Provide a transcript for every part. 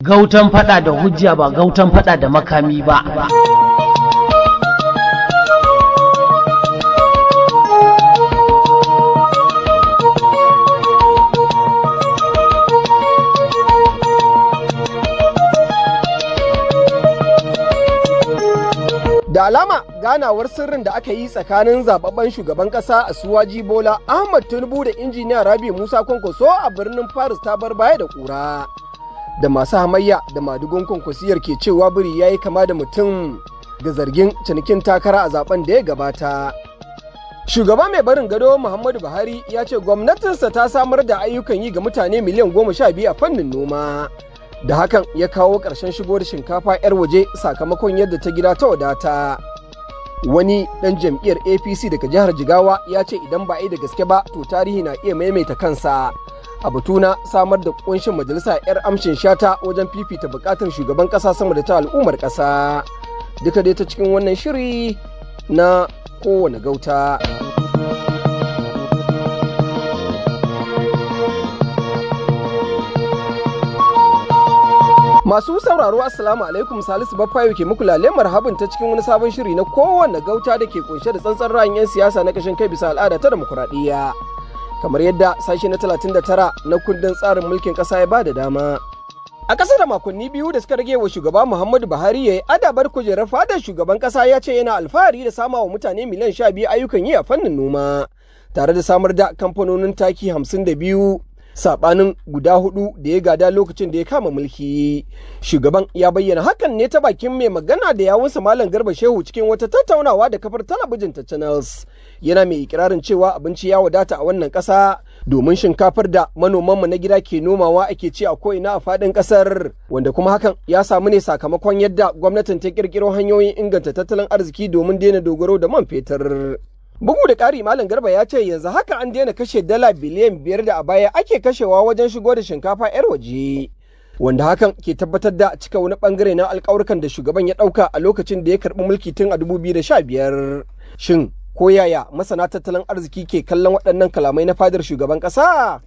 gautan fada da hujja ba gautan fada da makami ba da alama ganawar sirrin da aka yi tsakanin zababben shugaban kasa a suwaji bola ahmad tinubu da injiniya rabi musa kwankwaso a birnin paris ta bar baya da kura da masu hamayya da madugun kwankwasiyar ke cewa biri ya yi kama da mutum da zargin cinikin takara a zaben da ya gabata. Shugaba mai barin gado Muhammadu Buhari ya ce gwamnatinsa ta samar da ayyukan yi ga mutane miliyan goma sha biyu a fannin noma. Da hakan ya kawo ƙarshen shigo da shinkafa 'yar waje sakamakon yadda ta gida ta wadata. Wani ɗan jam'iyyar APC daga jihar Jigawa ya ce idan ba a yi da gaske ba to tarihi na iya maimaita kansa. a batu na samar da kunshin majalisa 'yar amshin shata wajen fifita bukatar shugaban kasa sama da ta al'ummar kasa duka dai ta cikin wannan shiri na kowane gauta masu sauraro assalamu alaikum salisu bafayo ke muku lalemar habin ta cikin wani sabon shiri na kowane gauta da ke kunshe da tsantsan ra'ayin 'yan siyasa na kashin kai bisa al'ada ta demokuraɗiyya kamar yadda sashe na 39 na kundin tsarin mulkin kasa ya ba da dama. A ƙasa da makonni biyu da suka rage wa shugaba Muhammadu Buhari ya yi adabar kujerar fadar shugaban ƙasa ya ce yana alfahari da samawa mutane miliyan sha biyu ayyukan yi a fannin noma tare da samar da kamfanonin taki hamsin da biyu saɓanin guda hudu da ya gada lokacin da ya kama mulki. Shugaban ya bayyana hakan ne ta bakin mai magana da yawunsa Malam Garba Shehu cikin wata tattaunawa da kafar talabijin ta Channels. yana mai ikirarin cewa abinci ya wadata a wannan ƙasa domin shinkafar da manoman mu na gida ke nomawa ake ci a ko'ina a faɗin ƙasar wanda kuma hakan ya samu ne sakamakon yadda gwamnatin ta ƙirƙiro hanyoyin inganta tattalin arziki domin daina dogaro da man fetur. Bugu da ƙari Malam Garba ya ce yanzu haka an daina kashe dala biliyan biyar da a baya ake kashewa wajen shigo da shinkafa 'yar waje. Wanda hakan ke tabbatar da cika wani bangare na alkawurkan da shugaban ya ɗauka a lokacin da ya karɓi mulki tun a dubu da sha biyar. Shin ko yaya masana tattalin arziki ke kallon waɗannan kalamai na fadar shugaban ƙasa?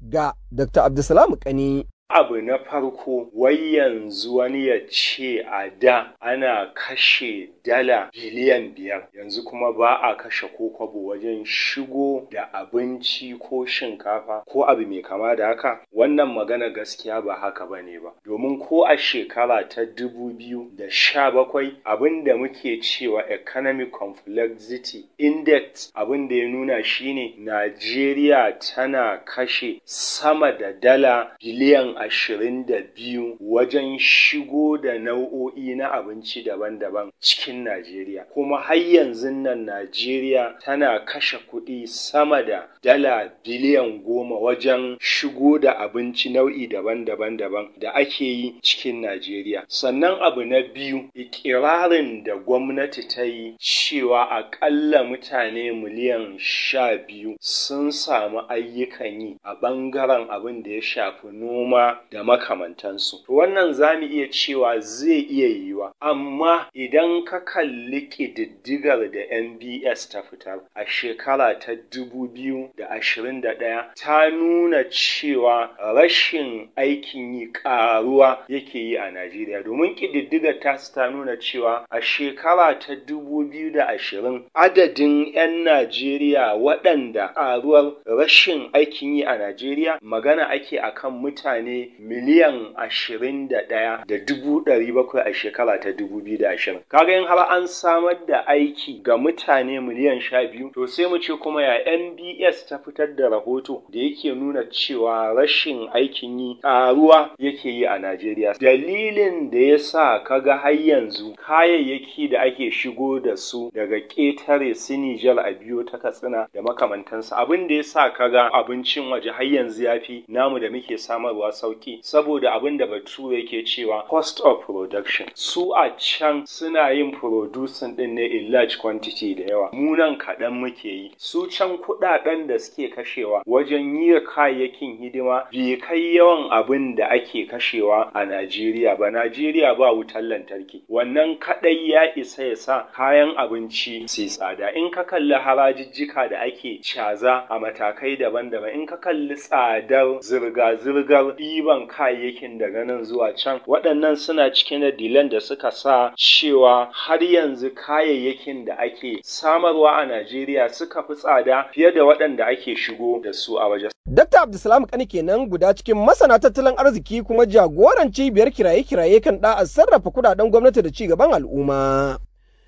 Ga Dr. Abdulsalam Kani. Abu na farko, wai yanzu wani ya ce a da ana kashe dala biliyan biyar, yanzu kuma ba a kashe ko kwabo wajen shigo da abinci ko shinkafa ko abu mai kama da haka? Wannan magana gaskiya ba haka ba ne ba. Domin ko a shekara ta dubu biyu da sha bakwai abin da muke cewa Economic Complexity Index abin da ya nuna shine Najeriya tana kashe sama da dala biliyan ashirin da biyu wajen shigo da nau'o'i na abinci daban-daban cikin Najeriya. Kuma har yanzu nan Najeriya tana kashe kuɗi sama da dala biliyan goma wajen shigo da abinci nau'i daban-daban daban da ake yi cikin Najeriya. Sannan abu na biyu, ikirarin da gwamnati ta yi cewa aƙalla mutane miliyan sha biyu sun samu ayyukan yi a ɓangaren abin da ya shafi noma da makamantansu wannan za mu iya cewa zai iya yiwa. amma idan ka kalli ƙididdigar da nbs ta fitar a shekara ta 2021 ta nuna cewa rashin aikin yi ƙaruwa yake yi a najeriya domin ƙididdigar ta ta nuna cewa a shekara ta 2020 adadin 'yan najeriya waɗanda ƙaruwar rashin aikin yi a najeriya magana ake akan mutane miliyan ashirin da ɗaya da dubu ɗari bakwai a shekara ta dubu biyu da ashirin. Kaga yin har an samar da aiki ga mutane miliyan sha biyu to sai mu ce kuma ya NBS ta fitar da rahoto da yake nuna cewa rashin aikin yi ƙaruwa yake yi a Najeriya. Dalilin da ya sa kaga har yanzu kayayyaki da ake shigo da su daga ƙetare su a biyo ta Katsina da makamantansa abin da ya sa kaga abincin waje har yanzu ya fi namu da muke samarwa sau sauki saboda abin da bature yake cewa cost of production su a can suna yin producing din ne in large quantity da yawa mu nan kaɗan muke yi su can kuɗaɗen da suke kashewa wajen yi kayayyakin hidima bai kai yawan abin da ake kashewa a Najeriya ba Najeriya ba wutar lantarki wannan kaɗai ya isa ya sa kayan abinci su tsada in ka kalli harajijjika da ake caza a matakai daban-daban in ka kalli tsadar zirga-zirgar ɗiban kayayyakin daga nan zuwa can waɗannan suna cikin da dilan da suka sa cewa har yanzu kayayyakin da ake samarwa a Najeriya suka fi tsada fiye da waɗanda ake shigo da su a waje. Dr. Abdulsalam Kani kenan guda cikin masana tattalin arziki kuma jagoran cibiyar kiraye-kiraye kan da'a sarrafa kudaden gwamnati da ci gaban al'umma.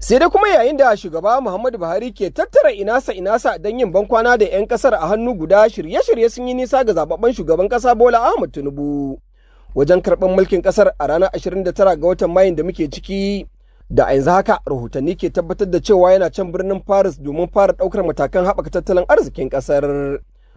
sai dai kuma yayin da shugaba muhammadu buhari ke tattara inasa inasa don yin bankwana da 'yan kasar a hannu guda shirye-shirye sun yi nisa ga zababben shugaban kasa bola ahmad tinubu wajen karɓar mulkin kasar a ranar 29 ga watan mayun da muke ciki da a yanzu haka rahotanni ke tabbatar da cewa yana can birnin paris domin fara ɗaukar matakan haɓaka tattalin arzikin kasar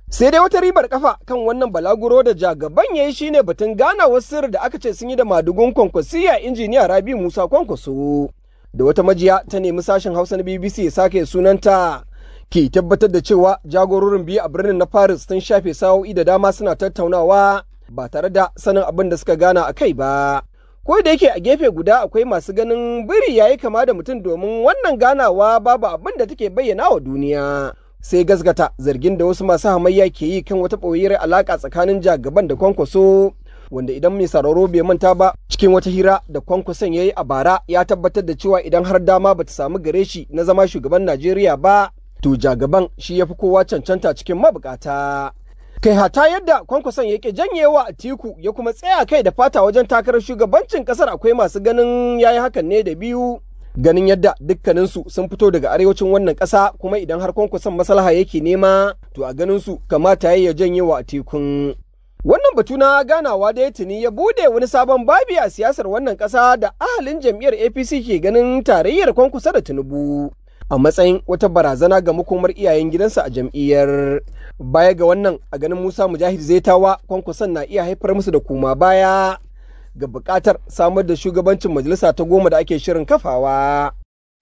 sai dai wata ribar kafa kan wannan balaguro da jagaban yayi shine batun ganawar sirri da aka ce sun yi da madugun kwankwasiya injiniya rabi musa kwankwaso da wata majiya ta nemi sashen hausa na bbc sake sunanta ke tabbatar da cewa jagororin biyu a birnin na paris sun shafe sa'o'i da dama suna tattaunawa ba tare da sanin abin da suka gana a kai ba ko da yake a gefe guda akwai masu ganin biri yayi kama da mutum domin wannan ganawa babu abin da take bayyana wa duniya sai gasgata zargin da wasu masu hamayya ke yi kan wata ɓoyiyar alaƙa tsakanin jagaban da kwankwaso wanda idan mai sararo bai manta ba cikin wata hira da kwankwason ya yi a bara ya tabbatar da cewa idan har dama ba ta samu gare shi na zama shugaban najeriya ba to jagaban shi ya fi kowa cancanta cikin mabukata kai hata yadda kwankwason ya ke janyewa a tiku ya kuma tsaya kai da fata wajen takarar shugabancin kasar akwai masu ganin ya yi hakan ne da biyu ganin yadda dukkaninsu sun fito daga arewacin wannan ƙasa kuma idan har kwankwason maslaha yake nema to a ganin su kamata ya janye wa tekun Wannan batu na ganawa da ya tuni ya bude wani sabon babi a siyasar wannan ƙasa da ahalin jam'iyyar APC ke ganin tarayyar kwankusa da Tinubu. a matsayin wata barazana ga makomar iyayen gidansa a jam'iyyar baya ga wannan a ganin musa mujahid zaitawa kwankwason na iya haifar musu da kuma baya ga bukatar samar da shugabancin majalisa ta goma da ake shirin kafawa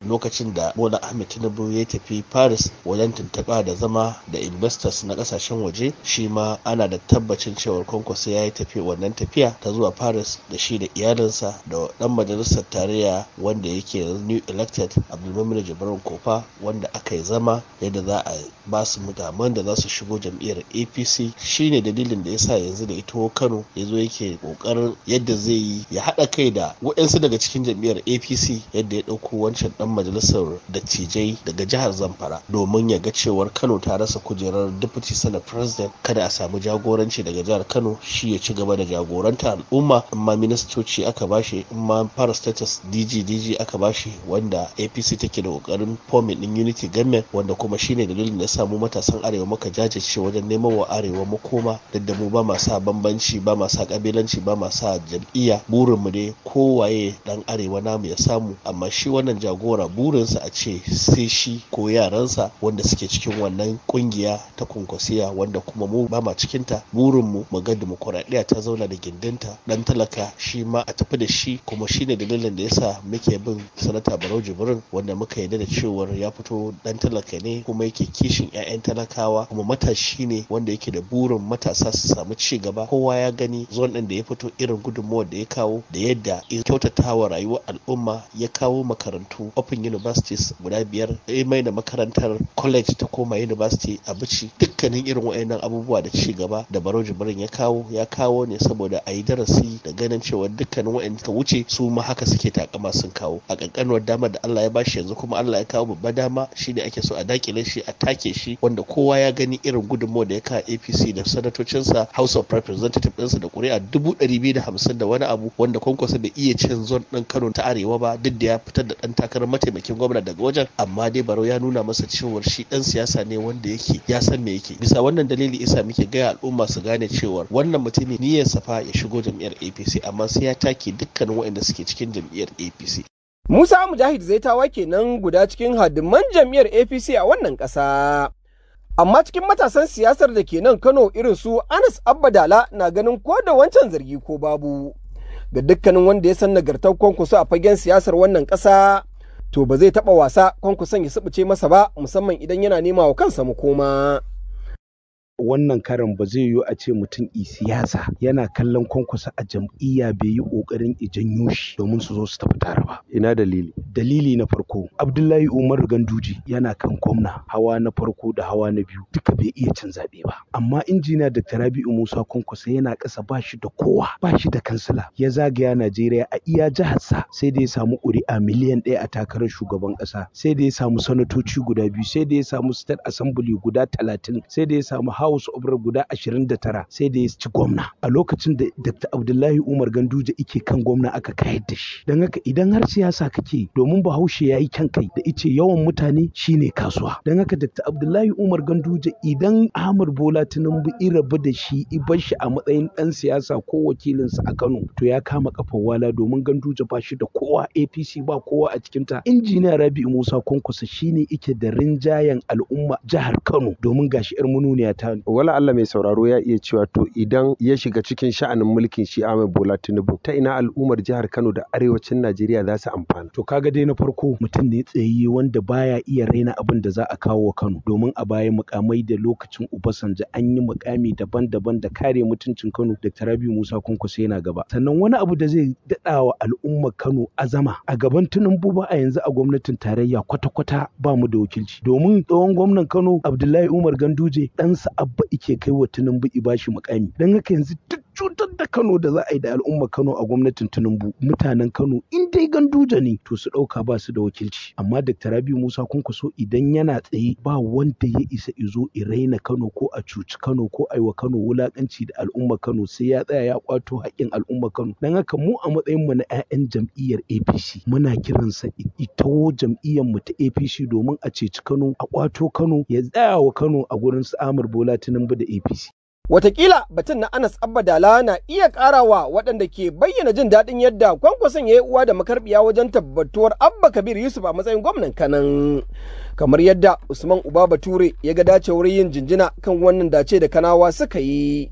lokacin da bola ahmed tinubu ya tafi paris wajen tuntuɓa da zama da investors na kasashen waje shi ma ana da tabbacin cewar kwankwaso ya yi tafi wannan tafiya ta zuwa paris da shi da iyalinsa da dan majalisar tarayya wanda yake new elected abdulmamin jibrin kofa wanda aka yi zama yadda za a ba su mutanen da za su shigo jam'iyyar apc shine dalilin da ya sa yanzu da ito kano ya zo yake kokarin yadda zai yi ya haɗa kai da waɗansu daga cikin jam'iyyar apc yadda ya ɗauko wancan ɗan majalisar dattijai daga jihar zamfara domin ya ga cewar kano ta rasa kujerar deputy senate president kada a samu jagoranci daga jihar kano shi ya ci gaba da jagoranta al'umma amma ministoci aka bashi amma fara status dg dg aka bashi wanda apc take da kokarin forming din unity government wanda kuma shine dalilin da ya samu matasan arewa muka jajirce wajen neman wa arewa makoma duk da mu ba ma sa bambanci ba ma sa kabilanci ba ma sa jam'iyya burinmu ne kowaye dan arewa namu ya samu amma shi wannan jagora shawara burinsa a ce sai shi ko yaransa wanda suke cikin wannan kungiya ta kunkwasiya wanda kuma mu ba ma cikinta burinmu mu ga dimokuraɗiyya ta zauna da gindinta dan talaka shi ma a tafi da shi kuma shi ne dalilin da yasa muke bin sanata barau jibrin wanda muka yi da cewar ya fito dan talaka ne kuma yake kishin 'ya'yan talakawa kuma matashi ne wanda yake da burin matasa su samu ci gaba kowa ya gani zon ɗin da ya fito irin gudunmuwar da ya kawo da yadda kyautatawa rayuwar al'umma ya kawo makarantu nufin universities guda biyar ya mai da makarantar college ta koma university a bici dukkanin irin wayannan abubuwa da ci gaba da baro barin ya kawo ya kawo ne saboda a yi darasi da ganin cewa dukkanin wayan ka wuce su ma haka suke takama sun kawo a kankanuwar damar da Allah ya ba bashi yanzu kuma Allah ya kawo babba dama shine ake so a dakile shi a take shi wanda kowa ya gani irin gudunmawar da ya kawo APC da sanatocinsa House of Representatives ɗinsa da ƙuri'a dubu ɗari biyu da hamsin da wani abu wanda kwankwasa bai iya cin zon ɗin Kano ta Arewa ba duk da ya fitar da ɗan takarar mataimakin gwamna daga wajen amma dai baro ya nuna masa cewar shi dan siyasa ne wanda yake ya san me yake bisa wannan dalili isa muke gaya al'umma su gane cewar wannan mutumin niyyar safa ya shigo jam'iyyar APC amma sai ya take dukkanin waɗanda suke cikin jam'iyyar APC Musa Mujahid zai tawa kenan guda cikin hadiman jam'iyyar APC a wannan ƙasa. Amma cikin matasan siyasar da ke nan Kano irin su Anas Abbadala na ganin ko da wancan zargi ko babu. Ga dukkanin wanda ya san nagartar kwankwaso a fagen siyasar wannan ƙasa to ba zai taɓa wasa kwankwason ya subuce masa ba musamman idan yana nema wa kansa koma. wannan karan ba zai yiwu a ce mutum isiyasa siyasa yana kallon kwankwasa a jam'iyya bai yi ƙoƙarin i janyo shi domin su zo su tafi tare ba. Ina dalili? Dalili na farko Abdullahi Umaru Ganduji, yana kan gwamna hawa na farko da hawa na biyu duka bai iya cin zaɓe ba. Amma injiniya Dr. Rabi'u Musa Kwankwasa yana ƙasa ba shi da kowa ba shi da kansila ya zagaya Najeriya a iya jiharsa sai da ya samu ƙuri'a miliyan ɗaya a takarar shugaban ƙasa sai da ya samu sanatoci guda biyu sai da ya samu state assembly guda talatin sai da ya samu hawa house of guda 29 sai da ya ci gwamna a lokacin da dr abdullahi umar ganduje ike kan gwamna aka kayar da shi don haka idan har siyasa kake domin bahaushe ya yi kyan kai da ice yawan mutane shine kasuwa don haka dr abdullahi umar ganduje idan ahmad bola tinubu i rabu da shi i bar shi a matsayin dan siyasa ko wakilinsa a kano to ya kama kafar wala domin Ganduja ba shi da kowa apc ba kowa a cikin ta. injiniya Rabi'u musa kwankwasa shine ike da rinjayen al'umma jihar kano domin gashi yar manuniya ta jihar wala Allah mai sauraro ya iya cewa to idan ya shiga cikin sha'anin mulkin shi Ahmed Bola Tinubu ta ina al'ummar jihar Kano da arewacin Najeriya za su amfana. To kaga dai na farko mutum ne tsayi wanda baya iya raina abin da za a kawo Kano domin a baya mukamai da lokacin Obasanjo an yi mukami daban-daban da kare mutuncin Kano Dr. Rabi Musa Kwankwaso yana gaba. Sannan wani abu da zai daɗa wa al'ummar Kano azama a gaban Tinubu ba a yanzu a gwamnatin tarayya kwata-kwata ba mu da wakilci domin tsohon gwamnan Kano Abdullahi Umar Ganduje ɗansa Abba ike kai wa Tinubu i bashi mukami dan haka yanzu duk cutar da Kano da za a yi da al'umma Kano a gwamnatin Tinubu mutanen Kano in dai ganduja ne to su ɗauka ba su da wakilci amma Dr. Rabiu Musa Kunkuso idan yana tsaye ba wanda ya isa izo i raina Kano ko a cuci Kano ko a yi wa Kano wulakanci da al'umma Kano sai ya tsaya ya kwato haƙƙin al'ummar Kano dan haka mu a matsayin mu na 'ya'yan jam'iyyar APC muna kiransa ita jam'iyyar mu ta APC domin a ceci Kano a kwato Kano ya tsaya wa Kano a gurin su Amir Bola Tinubu da APC Wataƙila batun na Anas Abba Dal'a na iya ƙarawa waɗanda ke bayyana jin daɗin yadda kwankwason ya yi uwa da makarɓiya wajen tabbatuwar Abba Kabir Yusuf a matsayin gwamnan Kanan. Kamar yadda Usman Uba Bature ya ga dace wurin yin jinjina kan wannan dace da Kanawa suka yi.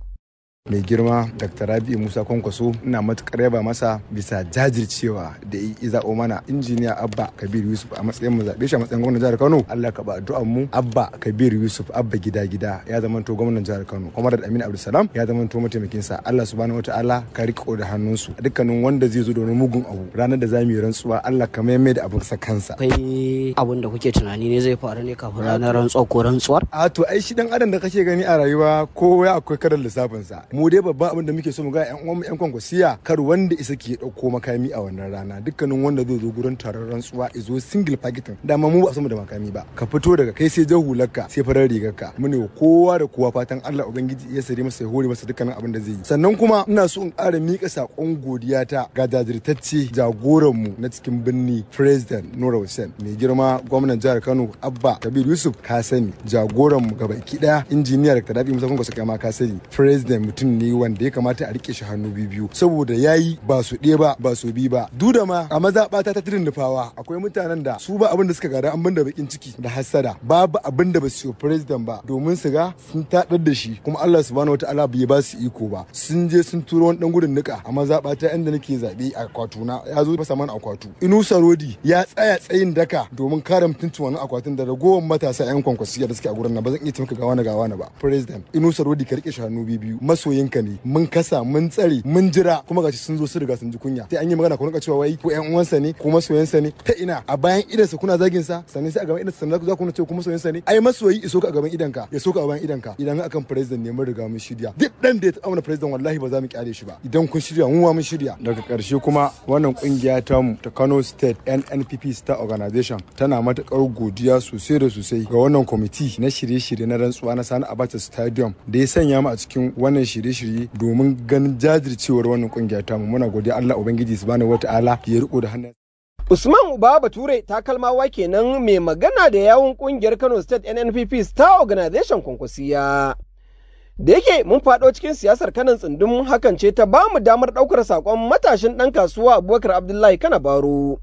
mai girma dr rabi musa kwankwaso na matukar yaba masa bisa jajircewa da zaɓo mana injiniya abba kabir yusuf a matsayin mu zaɓe shi a matsayin gwamnan jihar kano allah ka ba addu'an mu abba kabir yusuf abba gida gida ya zamanto gwamnan jihar kano kuma da aminu abdulsalam ya zamanto mataimakin sa allah subhanahu ta'ala ka riko da hannun su dukkanin wanda zai zo da wani mugun abu ranar da za mu yi rantsuwa allah ka mai da abin sa kansa akwai abin da kuke tunani ne zai faru ne kafin ranar rantsuwa ko rantsuwar a to ai shi dan adam da kake gani a rayuwa kowa akwai lissafin sa mu dai babban abin da muke so mu ga yan uwan yan siya kar wanda isa ke dauko makami a wannan rana dukkanin wanda zai zo gurin taron rantsuwa izo single da ma mu ba mu da makami ba ka fito daga kai sai jan hularka sai farar rigarka mune kowa da kowa fatan Allah ubangiji ya sare masa ya hore masa dukkanin abin da zai yi sannan kuma ina so in ƙara mika sakon godiya ta ga jajirtacce jagoran mu na cikin birni president Nura Hussein mai girma gwamnan jihar Kano Abba Kabir Yusuf ka sani jagoran mu gaba ki daya injiniyar Kadabi Musa Kwankwaso kai ma ka sani president mutum ne wanda ya kamata a rike shi hannu biyu saboda yayi ba su ɗaya ba ba su bi ba duda ma a mazaɓata ta tirin nufawa akwai mutanen da su ba abin da suka gada an banda bakin ciki da hassada babu abin da ba su president ba domin su ga sun taɗar da shi kuma Allah subhanahu wataala bai ba su iko ba sun je sun turo wani dan gudun nika a mazaɓata inda nake zaɓe a akwatuna ya zo fasa mana akwatu inu sarodi ya tsaya tsayin daka domin kare mutuncin wannan akwatin da ragowar matasa yan kwankwasiya da suke a gurin nan ba zan iya taimaka gawa na gawa na ba president inu sarodi ka rike shi hannu biyu maso ka ne mun kasa mun tsare mun jira kuma gashi sun zo su riga sun ji kunya sai an yi magana ku rinka cewa wai ko ƴan uwansa ne ko masoyansa ne ta ina a bayan idansa kuna zagin sa sannan sai a gaban idansa sannan za ku ce ko masoyansa ne ai masoyi iso ka a gaban idanka ya so ka a bayan idanka idan akan president ne mun riga mun shirya duk dan da ya taɓa mana president wallahi ba za mu kyale shi ba idan kun shirya mun wa mun shirya daga karshe kuma wannan kungiya ta mu ta Kano State NNPP Star Organization tana matakar godiya sosai da sosai ga wannan kwamiti na shirye-shirye na rantsuwa na Sani Abacha Stadium da ya sanya mu a cikin wannan shirye shirye-shirye domin ganin jajircewar wannan kungiya tamu muna godiya Allah ubangiji subhanahu wataala ya riko da hannun Usman Uba Bature takalmawa kenan mai magana da yawun kungiyar Kano State NNPP Star Organization Kwankwasiya. Da yake mun fado cikin siyasar kanan tsundum hakan ce ta ba mu damar daukar sakon matashin dan kasuwa Abubakar Abdullahi Kana Baro.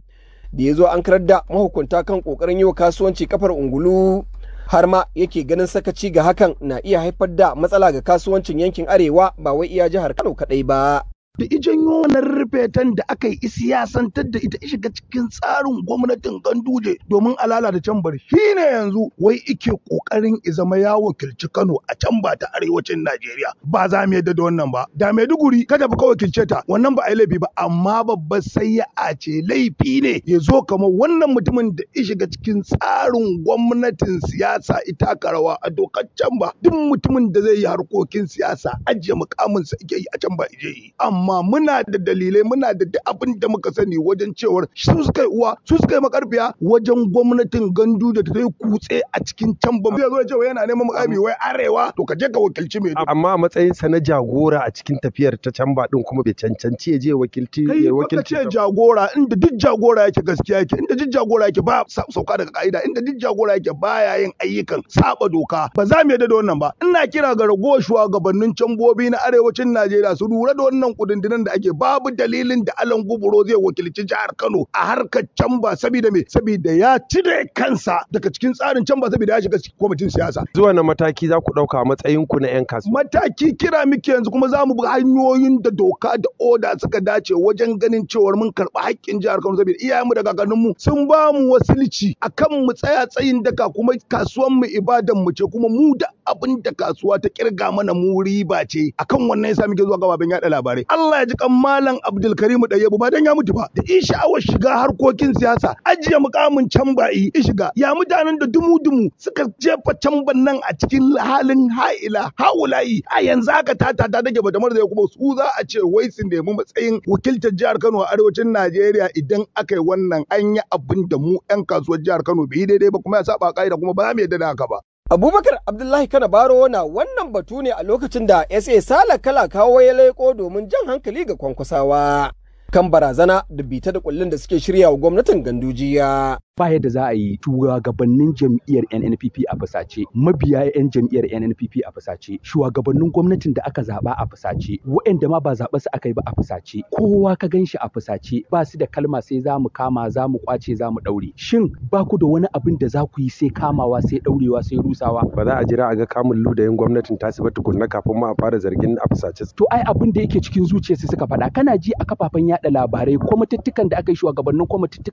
Da ya zo an karar da mahukunta kan kokarin yi wa kasuwanci kafar ungulu har ma yake ganin sakaci ga hakan na iya haifar da matsala ga kasuwancin yankin arewa ba wai iya jihar Kano kaɗai ba. da ijanyo wannan rufetan da aka yi siyasantar da ita shiga cikin tsarin gwamnatin ganduje domin alala da can shi ne yanzu wai ike kokarin izama ya wakilci kano a can ba ta arewacin najeriya ba za mu yadda da wannan ba da maiduguri kada ba ka wakilce ta wannan ba a laifi ba amma babba sai ya a ce laifi ne ya zo kamar wannan mutumin da ya shiga cikin tsarin gwamnatin siyasa ita karawa a dokar can ba duk mutumin da zai yi harkokin siyasa ajiye mukaminsa ike yi a can ba ije yi amma amma muna da dalilai muna da duk abin da muka sani wajen cewar su suka yi uwa su suka yi makarfiya wajen gwamnatin gandu da ta yi kutse a cikin can ba zai zo cewa yana neman mukami wai arewa to ka je ka wakilci mai amma a matsayin sa na jagora a cikin tafiyar ta can ba din kuma bai cancanci ya je wakilci ya wakilci ce jagora inda duk jagora yake gaskiya yake inda duk jagora yake ba sauka daga ka'ida inda duk jagora yake baya yin ayyukan saba doka ba za mu yi da wannan ba ina kira ga ragowar shugabannin cambobi na arewacin Najeriya su lura da wannan kudin rundunar da ake babu dalilin da Alan Guburo zai wakilci jihar Kano a harkar canba saboda me saboda ya cire kansa daga cikin tsarin canba saboda ya shiga kwamitin siyasa zuwa na mataki za ku dauka matsayin ku na yan kasu mataki kira miki yanzu kuma za mu bi hanyoyin da doka da oda suka dace wajen ganin cewar mun karba haƙƙin jihar Kano saboda iyayenmu da mu. sun ba mu wasilci akan mu tsaya tsayin daka kuma kasuwan mu ibadan mu ce kuma mu da abin da kasuwa ta kirga mana mu riba ce akan wannan yasa muke zuwa gababen yada labarai Allah ya ji kan Malam Abdulkarim Dayyabu ba dan ya mutu ba da in sha'awar shiga harkokin siyasa ajiye mukamin can ba'i in shiga ya mutanen da dumu-dumu suka jefa camban nan a cikin halin ha'ila haulayi a yanzu haka tata ta dage ba da marza kuma su za a ce wai sun nemi matsayin wakiltar jihar Kano a arewacin Najeriya idan aka yi wannan an yi abin da mu 'yan kasuwar jihar Kano bai daidai ba kuma ya saba ka'ida kuma ba mu yarda da haka ba. Abubakar Abdullahi baro na wannan batu ne a lokacin da SA Sala Kala kawo ya laiko domin jan hankali ga kwankwasawa kan barazana da bita da kullun da suke shirya wa gwamnatin gandujiya. ba yadda za a yi shugabannin jam'iyyar NNPP a fasace mabiya 'yan jam'iyyar NNPP a fasace shugabannin gwamnatin da aka zaba a fasace waɗanda ma ba zaɓa su aka yi ba a fasace kowa ka ganshi a fasace ba su da kalma sai za mu kama za mu kwace za mu ɗaure shin ba ku da wani abin da za ku yi sai kamawa sai ɗaurewa sai rusawa ba za a jira a ga kamun ludayin gwamnatin ta sabata tukunna kafin ma a fara zargin a fasace to ai abin da yake cikin zuciya sai suka faɗa kana ji a kafafen yada labarai kwamitattukan da aka yi shugabannin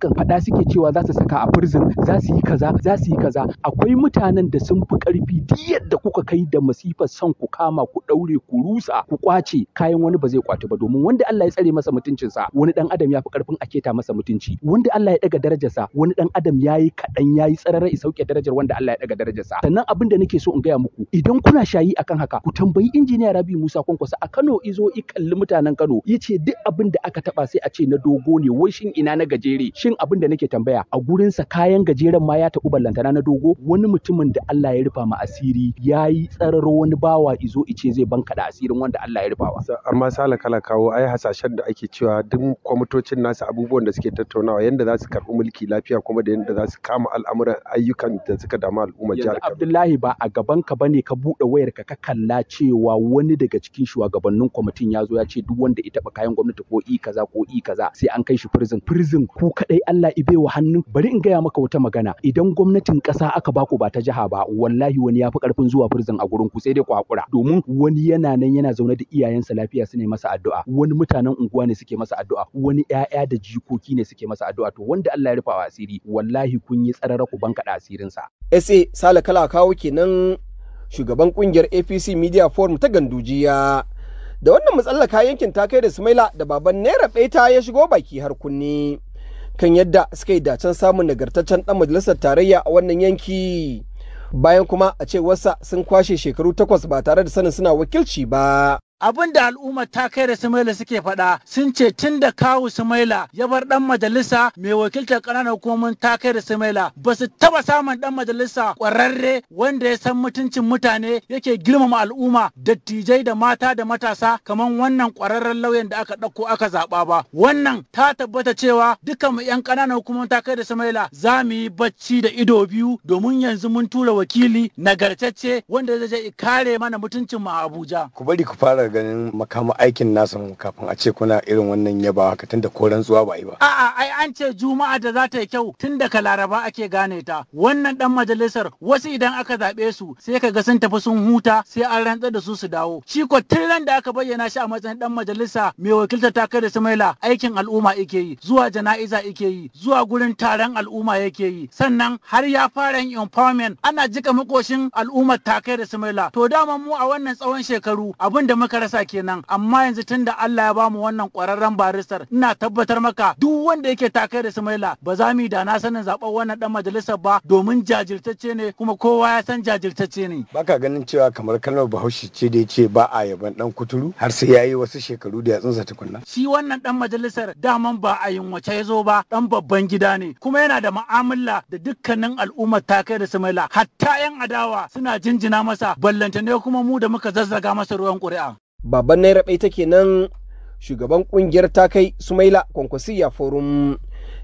faɗa suke cewa za su saka ka a prison za su yi kaza za su yi kaza akwai mutanen da sun fi ƙarfi duk yadda kuka kai da masifar son ku kama ku ɗaure ku rusa ku kwace kayan wani ba zai kwace ba domin wanda Allah ya tsare masa mutuncinsa wani dan adam ya fi ƙarfin a keta masa mutunci wanda Allah ya daga darajarsa wani dan adam ya yi kaɗan ya yi tsararra ya sauke darajar wanda Allah ya daga darajarsa sannan abin da nake so in gaya muku idan kuna shayi akan haka ku tambayi injiniya Rabi Musa Kwankwasa a Kano izo i kalli mutanen Kano yace duk abin da aka taba sai a ce na dogo ne wai shin ina na gajere shin abin da nake tambaya a gurin wurinsa kayan gajeren ma ya taɓu ballantana na dogo wani mutumin da Allah ya rufa ma asiri ya yi tsararo wani bawa izo ice zai banka da asirin wanda Allah ya wa. Amma sala kala kawo ai hasashen da ake cewa duk kwamitocin nasu abubuwan da suke tattaunawa yadda za su karɓi mulki lafiya kuma da yadda za su kama al'amuran ayyukan da suka damu al'ummar jihar Kano. Abdullahi ba a gaban ka bane ka buɗe wayar ka ka kalla cewa wani daga cikin shugabannin kwamitin ya zo ya ce duk wanda ya taɓa kayan gwamnati ko i kaza ko i kaza sai an kai shi prison prison ku kaɗai Allah ibe wa hannu bari in gaya maka wata magana idan gwamnatin ƙasa aka baku ba ta jiha ba wallahi wani ya fi ƙarfin zuwa firzin a gurin ku sai dai ku haƙura domin wani yana nan yana zaune da iyayensa lafiya su ne masa addu'a wani mutanen unguwa ne suke masa addu'a wani ƴaƴa da jikoki ne suke masa addu'a to wanda Allah ya rufa asiri wallahi kun yi tsarara ku da asirinsa. SA Sale Kala kawo kenan shugaban kungiyar APC Media Forum ta Gandujiya. Da wannan matsalar yankin ta kai da Sumaila da baban Naira Beta ya shigo baki har kunni. kan yadda suka yi dacen samun nagartaccen ɗan majalisar tarayya a wannan yanki bayan kuma a ce cewarsa sun kwashe shekaru takwas ba tare da sanin suna wakilci ba abin da al'ummar ta kai da sumaila suke faɗa sun ce tun da kawu sumaila ya bar ɗan majalisa mai wakiltar ƙananan hukumomin ta kai da sumaila ba su taba samun ɗan majalisa ƙwararre wanda ya san mutuncin mutane yake girmama al'umma dattijai da mata da matasa kamar wannan ƙwararren lauyan da aka ɗauko aka zaɓa ba wannan ta tabbata cewa dukkan mu 'yan ƙananan hukumomin ta kai da sumaila za mu yi bacci da ido biyu domin yanzu mun tura wakili nagartacce wanda zai je kare mana mutuncin mu a Abuja. Ku bari ku fara ganin makama aikin nasan kafin a ce kuna irin wannan yaba haka tunda ko rantsuwa ba yi ba a'a ai an ce juma'a da za ta yi kyau tun daga laraba ake gane ta wannan dan majalisar wasu idan aka zaɓe su sai ka ga sun tafi sun huta sai an rantsar da su su dawo shi ko tun da aka bayyana shi a matsayin dan majalisa mai wakilta ta kai da sumaila aikin al'umma yake yi zuwa jana'iza yake yi zuwa gurin taron al'umma yake yi sannan har ya fara yin empowerment ana jika makoshin al'ummar ta kai da sumaila to dama mu a wannan tsawon shekaru abin muka ka rasa kenan amma yanzu tun da Allah ya bamu wannan ƙwararren baristar ina tabbatar maka duk wanda yake takai da Sumaila ba za mu da na sanin zaɓar wannan dan majalisar ba domin jajirtacce ne kuma kowa ya san jajirtacce ne baka ganin cewa kamar kalmar Bahaushe ce da yace ba a yaban dan kuturu har sai yayi wasu shekaru da ya tsinsa tukunna shi wannan ɗan majalisar daman ba a yunwace ya zo ba ɗan babban gida ne kuma yana da mu'amala da dukkanin al'ummar takai da Sumaila hatta yan adawa suna jinjina masa ballantane kuma mu da muka zazzaga masa ruwan ƙuri'a baban naira bai take nan shugaban kungiyar ta kai sumaila kwankwasiya forum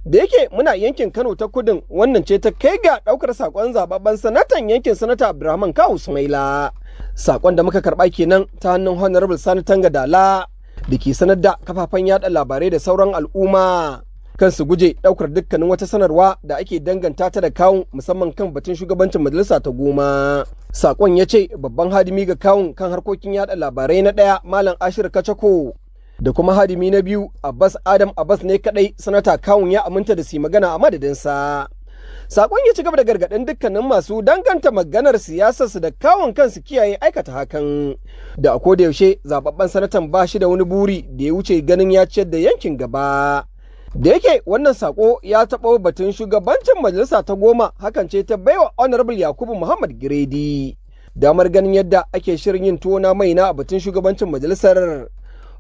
da yake muna yankin kano ta kudin wannan ce ta kai ga ɗaukar sakon zababban sanatan yankin sanata abdulrahman kawu sumaila sakon da muka karɓa kenan ta hannun honorable sanatan gadala, da ke sanar da kafafen yada labarai da sauran al'umma kan su guje ɗaukar dukkanin wata sanarwa da ake danganta ta da kawun musamman kan batun shugabancin majalisa ta goma. Sakon ya ce babban hadimi ga kawun kan harkokin yada labarai na ɗaya Malam Ashir Kachako da kuma hadimi na biyu Abbas Adam Abbas ne kaɗai sanata kawun ya aminta da su magana a madadinsa. Sakon ya ci gaba da gargaɗin dukkanin masu danganta maganar siyasarsu da kawun kansu kiyaye aikata hakan. Da a yaushe zababben sanatan ba shi da wani buri da ya wuce ganin ya ciyar da yankin gaba. da yake wannan sako ya taɓo batun shugabancin majalisa ta goma hakan ce ta baiwa honorable yakubu muhammad giredi damar ganin yadda ake shirin yin tuwo na mai na batun shugabancin majalisar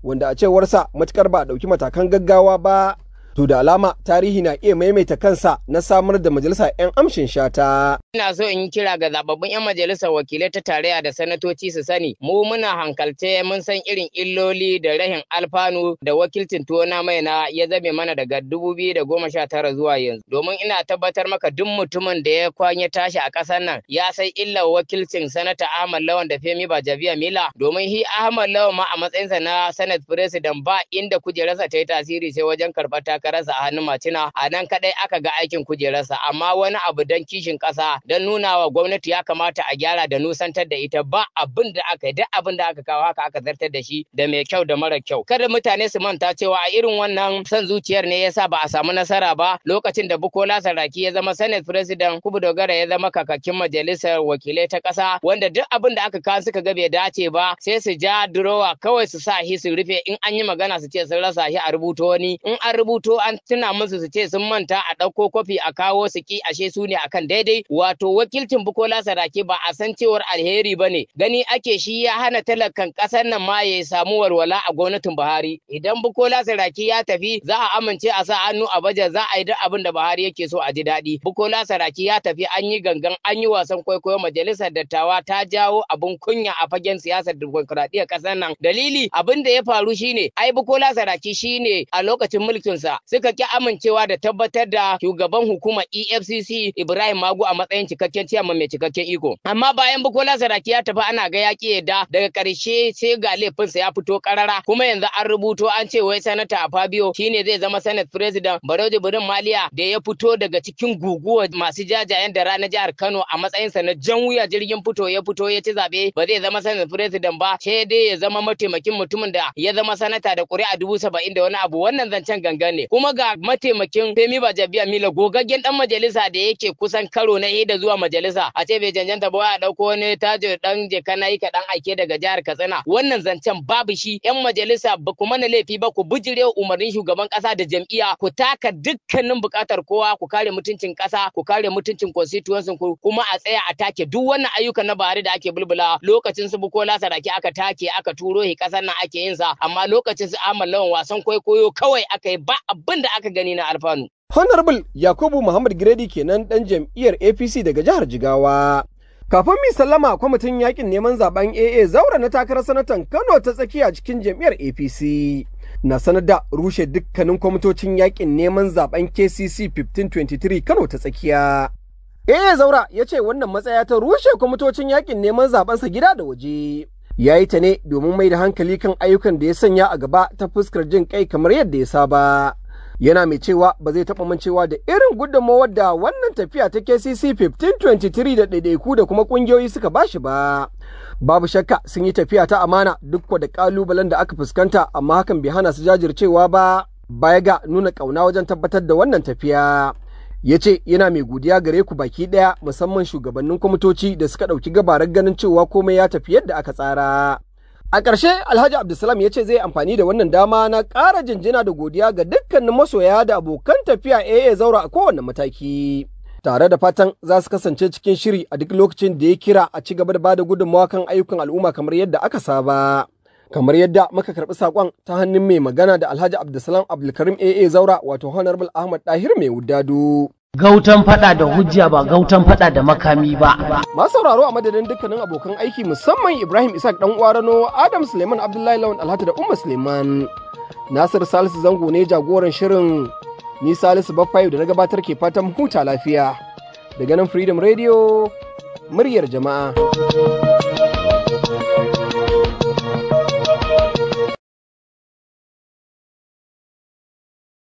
wanda a cewarsa matukar ba a ɗauki matakan gaggawa ba to da alama tarihi na iya maimaita kansa na samar da majalisa 'yan amshin shata. Ina so in yi kira ga zababbun 'yan majalisar wakilai ta tarayya da sanatoci su sani mu muna hankalce mun san irin illoli da rahin alfanu da wakilcin tuwona mai na ya zame mana daga tara zuwa yanzu. Domin ina tabbatar maka duk mutumin da ya kwanya tashi a ƙasar nan ya san illar wakilcin sanata Ahmad Lawan da Femi Bajabiya Mila domin hi Ahmad Lawan ma a matsayinsa na Senate President ba inda kujerarsa ta yi tasiri sai wajen karɓar takara. shekararsa a hannun macina a nan kadai aka ga aikin kujerarsa amma wani abu don kishin kasa don nuna wa gwamnati ya kamata a gyara da nusantar da ita ba abin da aka yi duk abin da aka kawo haka aka zartar da shi da mai kyau da mara kyau kada mutane su manta cewa a irin wannan son zuciyar ne yasa ba a samu nasara ba lokacin da Bukola Saraki ya zama Senate President Kubu Dogara ya zama kakakin majalisar wakilai ta kasa wanda duk abin da aka kawo suka ga bai dace ba sai su ja durowa kawai su sa shi su rufe in an yi magana su ce sun rasa shi a rubuto wani in an rubuto wato an tuna musu su ce sun manta a ɗauko kofi a kawo su ki ashe su ne akan daidai wato wakilcin bukola sarake ba a san cewar alheri ba ne gani ake shi ya hana talakan ƙasar nan ma ya samu walwala a gwamnatin buhari idan bukola sarake ya tafi za a amince a sa hannu a baje za a yi duk abin da buhari yake so a ji daɗi bukola sarake ya tafi an yi gangan an yi wasan kwaikwayo majalisar dattawa ta jawo abin kunya a fagen siyasar dimokuraɗiyyar ƙasar nan dalili abin da ya faru shine ai bukola sarake shine a lokacin mulkinsa suka ki amincewa da tabbatar da shugaban hukumar EFCC Ibrahim Magu a matsayin cikakken ciyaman mai cikakken iko. Amma bayan Bukola Saraki ya tafi ana ga yaki yadda daga ƙarshe sai ga laifinsa ya fito karara. kuma yanzu an rubuto an ce wai sanata Fabio shine zai zama Senate President Barau Burin Maliya da ya fito daga cikin guguwa masu jajayen da ranar jihar Kano a matsayin sa na jan wuya jirgin fito ya fito ya ci zabe ba zai zama Senate President ba sai dai ya zama mataimakin mutumin da ya zama sanata da ƙuri'a dubu saba'in da wani abu wannan zancen ganga ne kuma ga mataimakin Femi Bajabiya Mila gogaggen dan majalisa da yake kusan karo na hida zuwa majalisa a ce bai janjanta ba a dauko wani tajir dan jeka na yi kaɗan aike daga jihar Katsina wannan zancen babu shi yan majalisa ba ku mana laifi ba ku bujire umarnin shugaban kasa da jam'iyya ku taka dukkanin bukatar kowa ku kare mutuncin kasa ku kare mutuncin constituency ku kuma a tsaya a take duk wannan ayyukan na Buhari da ake bulbula lokacin su Bukola Saraki aka take aka turo he kasar nan ake yin sa amma lokacin su Ahmad Lawan wasan kwaikwayo kawai aka yi ba abin da aka gani na alfanu. Honorable Yakubu Muhammad Giredi kenan dan jam'iyyar APC daga jihar Jigawa. Kafin mi sallama kwamitin yakin neman zaben AA zaura na takarar sanatan Kano ta tsakiya cikin jam'iyyar APC. Na sanar da rushe dukkanin kwamitocin yakin neman zaben KCC 1523 Kano ta tsakiya. AA eh, zaura ya ce wannan matsaya ta rushe kwamitocin yakin neman zabensa gida da waje. Ya yi ta ne domin mai da hankali kan ayyukan da ya sanya a gaba ta fuskar jin kai kamar yadda ya saba. yana mai cewa ba zai taɓa mancewa da irin gudunmawar da wannan tafiya ta KCC 1523 da ɗaiɗaiku da kuma ƙungiyoyi suka ba shi ba. Babu shakka sun yi tafiya ta amana duk da ƙalubalen da aka fuskanta amma hakan bai hana su jajircewa ba baya ga nuna ƙauna wajen tabbatar da wannan tafiya. ya ce yana mai godiya gare ku baki ɗaya musamman shugabannin kwamitoci da suka ɗauki gabarar ganin cewa komai ya tafi yadda aka tsara. A ƙarshe Alhaji Abdulsalam ya ce zai amfani da wannan dama na ƙara jinjina da godiya ga dukkanin masoya da abokan tafiya AA zaura a kowane mataki. Tare da fatan za su kasance cikin shiri a duk lokacin da ya kira a ci gaba da bada gudunmawa kan ayyukan al'umma kamar yadda aka saba. Kamar yadda muka karɓi saƙon ta hannun mai magana da Alhaji Abdulsalam Abdulkarim AA zaura wato Honorable Ahmad Dahir mai wudadu. Gautan fada da hujja ba gautan fada da makami ba. Ma sauraro a madadin dukkanin abokan aiki musamman Ibrahim Isaac dan Rano, Adam Suleiman Abdullahi Lawan Alhaji da Umma Suleiman. Nasir Salisu Zango ne jagoran shirin ni Salisu Baffayo da na gabatar ke fatan huta lafiya. Daga nan Freedom Radio muryar jama'a.